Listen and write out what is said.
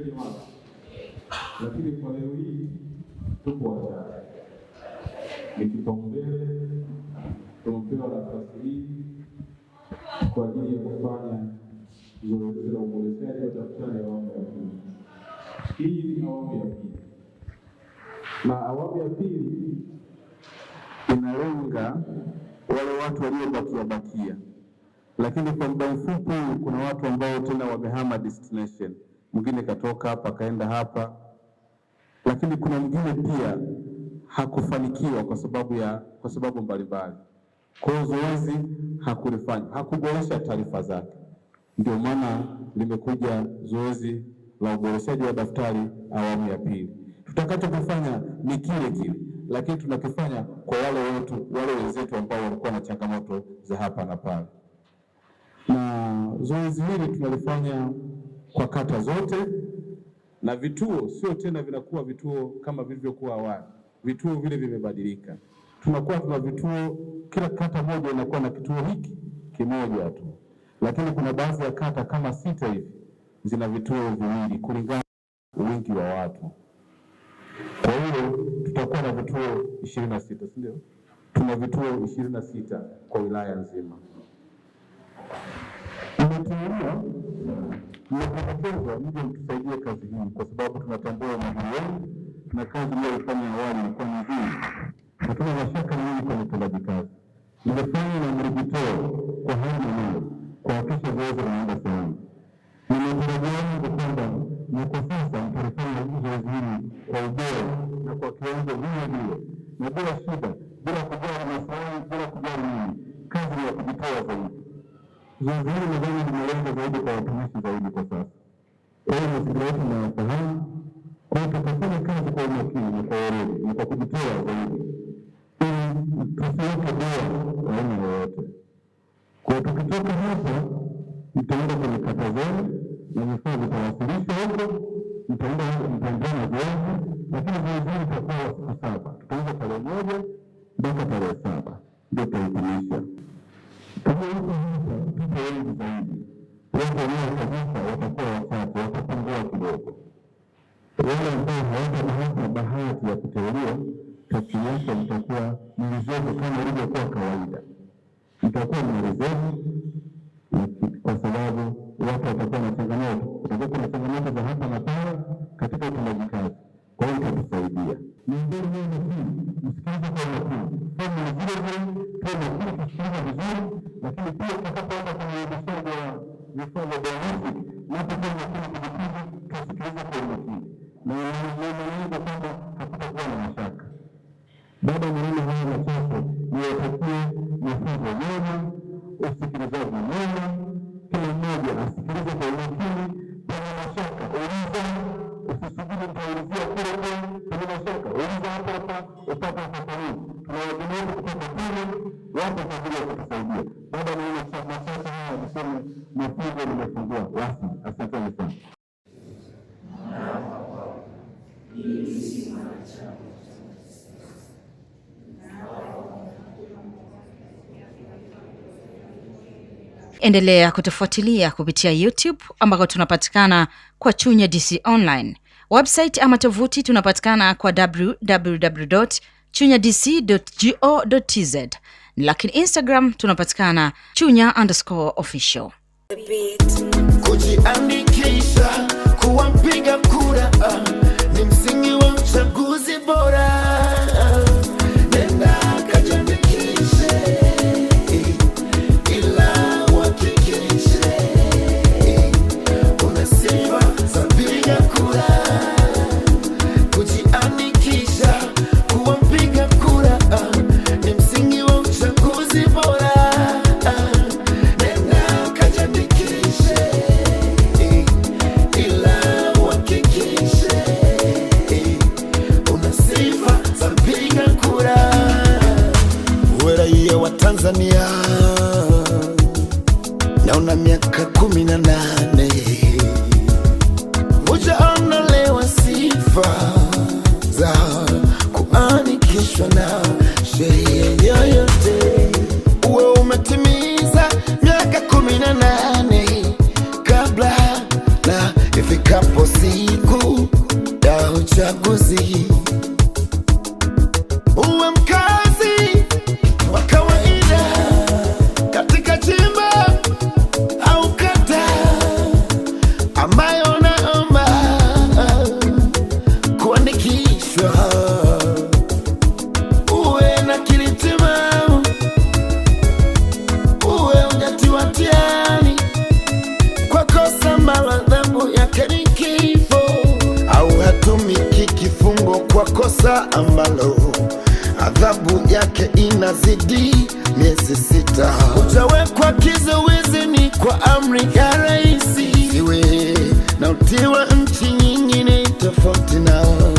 tufikie ni wapi, lakini kwa leo hii tuko wachache. Ni kipaumbele tumepewa nafasi hii kwa ajili ya kufanya zoezi la uboreshaji wa daftari awamu ya pili. Hii ni awamu ya pili, na awamu ya pili inalenga wale watu waliobakia bakia, lakini kwa muda mfupi kuna watu ambao tena wamehama destination mwingine katoka hapa kaenda hapa, lakini kuna mwingine pia hakufanikiwa kwa sababu ya kwa sababu mbalimbali. Kwa hiyo zoezi hakulifanya, hakuboresha taarifa zake, ndio maana limekuja zoezi la uboreshaji wa daftari awamu ya pili. Tutakachokifanya ni kile kile, lakini tunakifanya kwa wale watu wale wenzetu ambao walikuwa na changamoto za hapa na pale, na zoezi hili tunalifanya kwa kata zote, na vituo sio tena vinakuwa vituo kama vilivyokuwa awali. Vituo vile vimebadilika, tunakuwa tuna vituo, kila kata moja inakuwa na kituo hiki kimoja tu, lakini kuna baadhi ya kata kama sita hivi zina vituo viwili kulingana wingi wa watu. Kwa hiyo tutakuwa na vituo ishirini na sita si ndio? Tuna vituo ishirini na sita kwa wilaya nzima tunapendekezwa mje mtusaidie kazi hii, kwa sababu tunatambua umuhimu wenu na kazi mliyoifanya awali ilikuwa nzuri, hatuna mashaka nini kwenye utendaji kazi. Nimefanya na mrejitoo kwa hali na mali kuhakikisha zoezi linaenda salama, na matarajio yangu kwamba na kwa sasa mtalifanya zoezi hili kwa ubora na kwa kiwango vile vile na bila shida, bila kujali maslahi, bila kujali nini, kazi ya kujitoa zaidi. Zoezi hili nadhani lengo zaidi kwa watumishi zaidi kwa sasa. Kwa hiyo mazingira nayafahamu, kwa tutafanya kazi kwa umakini na kwa weredi na kwa kujitoa zaidi, ili tusiweke doa aina yoyote. Kwa tukitoka hapa, mtaenda kwenye kata zenu na vifaa vitawasilishwa huko, mtaendelea na zoezi, lakini zoezi itakuwa siku saba, tutaanza tarehe moja mpaka tarehe saba ndio tutahitimisha. Tuko huko hapa, tuko wengi zaidi wote wale kabisa watakuwa wachache, watapungua kidogo. Wale ambao hawatapata bahati ya kuteuliwa, tafsiri yake mtakuwa mlizevu kama ilivyokuwa kawaida, mtakuwa mlizevu kwa sababu watu watakuwa na changamoto, kutakuwa kuna changamoto za hapa na pale katika utendaji kazi. Kwa hiyo itatusaidia nimbili hii makini, msikilize kwa makini, fomu zile zile, tuwe makini, tusikilize vizuri, lakini pia tutakapoenda kwenye msongo wa vifaa vya diagnostic, napofanya kama kujifunza, tusikilize kwa makini, na maanaangu kwamba hakutakuwa na mashaka. Baada ya maneno haya machache, niwatakie mafunzo mema, usikilizaji mema kila mmoja asikilize kwa makini, pana mashaka uliza, usisubiri nitaulizia kule kule, pana mashaka uliza hapa hapa, utapata fafanuzi kutoka kule wapo kwa ajili ya kutusaidia. Baada ya tuseme Asanteni sana. Endelea kutufuatilia kupitia YouTube ambako tunapatikana kwa Chunya DC Online website ama tovuti tunapatikana kwa www chunya dc.go.tz, lakini Instagram tunapatikana chunya underscore official. Kujiandikisha kuwa mpiga kura ni msingi wa uchaguzi bora. adhabu yake inazidi miezi sita. Utawekwa kizuizini kwa amri ya raisi, iwe na utiwa nchi nyingine tofauti nao